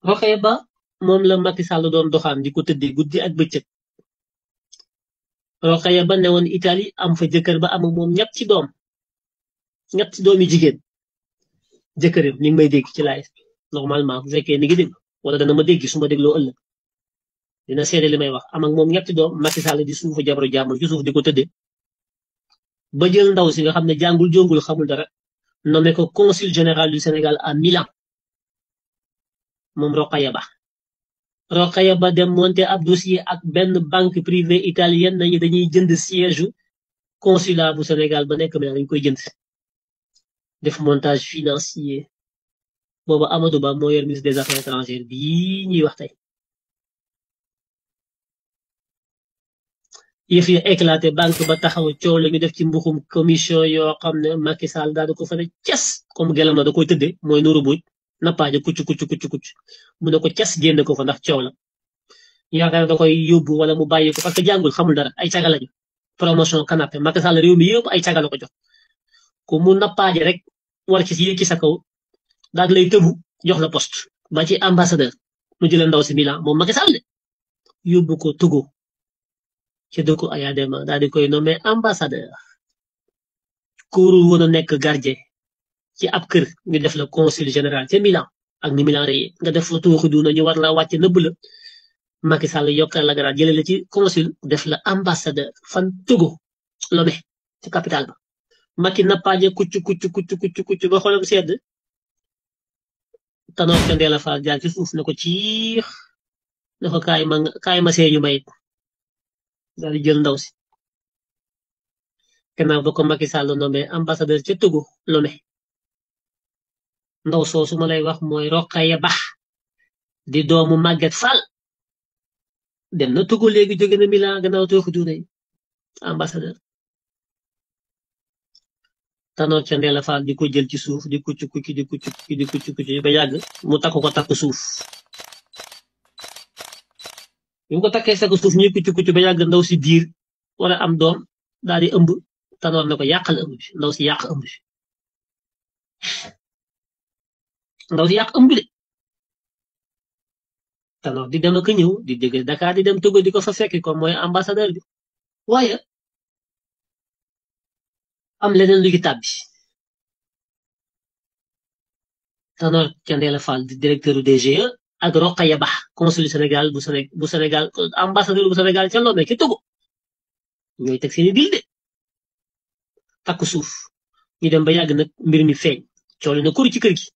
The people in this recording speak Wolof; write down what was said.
Rokhaya Ba moom la Macky Sall doon doxaan di ko tëddee guddi ak bëccëg Rokhaya Ba newoon itali am fa jëkkër ba am moom ñett ci doom ñett ci doomi jigéen jëkkëram ni ngi may dégg ci laay normalement bu fekkee ni ngi dégg wala dana ma déggi suma ma dégloo ëllëg dina seede li may wax am ak moom ñetti doom Macky Sall di suufu jabaru jàmbur ci suuf di ko tëddee ba jël ndaw si nga xam ne jàngul jongul xamul dara nommé ko consul général du Sénégal à Milan moom Roqaya Ba Roqaya Ba dem monté ab dossier ak benn banque privée italienne nañu dañuy jënd siège consulat bu Sénégal ba nekk mais dañ koy jënd def montage financier booba Amadou Ba moo yor ministre des affaires étrangères bii ñuy wax tey yëf yi banque ba taxaw coow la def ci mbuxum commission yoo xam ne Macky Sall da ko fa ne ces comme gelam na da koy tëddee mooy Nourou Mbodj nappaaje kucc kucc kucc kucc mu ne ko ces génne ko fa ndax coow la yaakaar da koy yóbbu wala mu bàyyi ko parce que xamul dara ay caga a promotion ay caga ko jox ko mu rek war ci yëg ci sa kaw daal lay tëbu jox la post ba ci ambassadeur mu jëlee ndaw si Milan moom Macky Sall yóbbu ko Togo ci dëkku Ayadema daal di koy nommé ambassadeur kuuru woon nekk gardien ci ab kër ñu def la consul général ca Milan ak ni Milan rëy nga def fa tooxi ñu war la wàcce nëbb la Macky Sall yokkal la grade jëlee la ci consul def la ambassadeur fan Togo Lomé ci capital ba Macky nappaaje kucc kucc kucc kucc kucc ba xolam sedd tanoor ca Ndella Fall jaar ci suuf na ko ciix na ko ma kaay ma may daal di jël ndaw si gannaaw ba ko Macky Sall nommé ambassadeur ca ndaw soo su ma lay wax mooy Roqaya Ba di doomu Maguette Fall dem na Togo léegi jóge na Milan gannaaw tooxi duuna yi ambassadeur Tanor Thiendella Fall di ko jël ci suuf di kucc kucc di kucc kucc ba yàgg mu takk ko takk suuf bi mu ko takkee sakk suuf ñuy kucc kucc ba yàgg ndaw si biir wala am doom daal di ëmb Tanor ne ko yàqal ëmb ndaw si yàq ëmb bi ndaw si yàq ëmb de di dem ak ñëw di jóge Dakar di dem Togo di ko fa fekki ko mooy ambassadeur bi waaye am leneen lu ci tàbbi Tanor Thiendella Fall di directeur du DGE ak Rokhaya Bah consul Sénégal bu Séné bu Sénégal ambassadeur bu Sénégal ca Lomé ca Togo ñooy teg seeni dil de takku suuf ñu dem ba yàgg nag mbir mi feeñ coole na ci kër gi.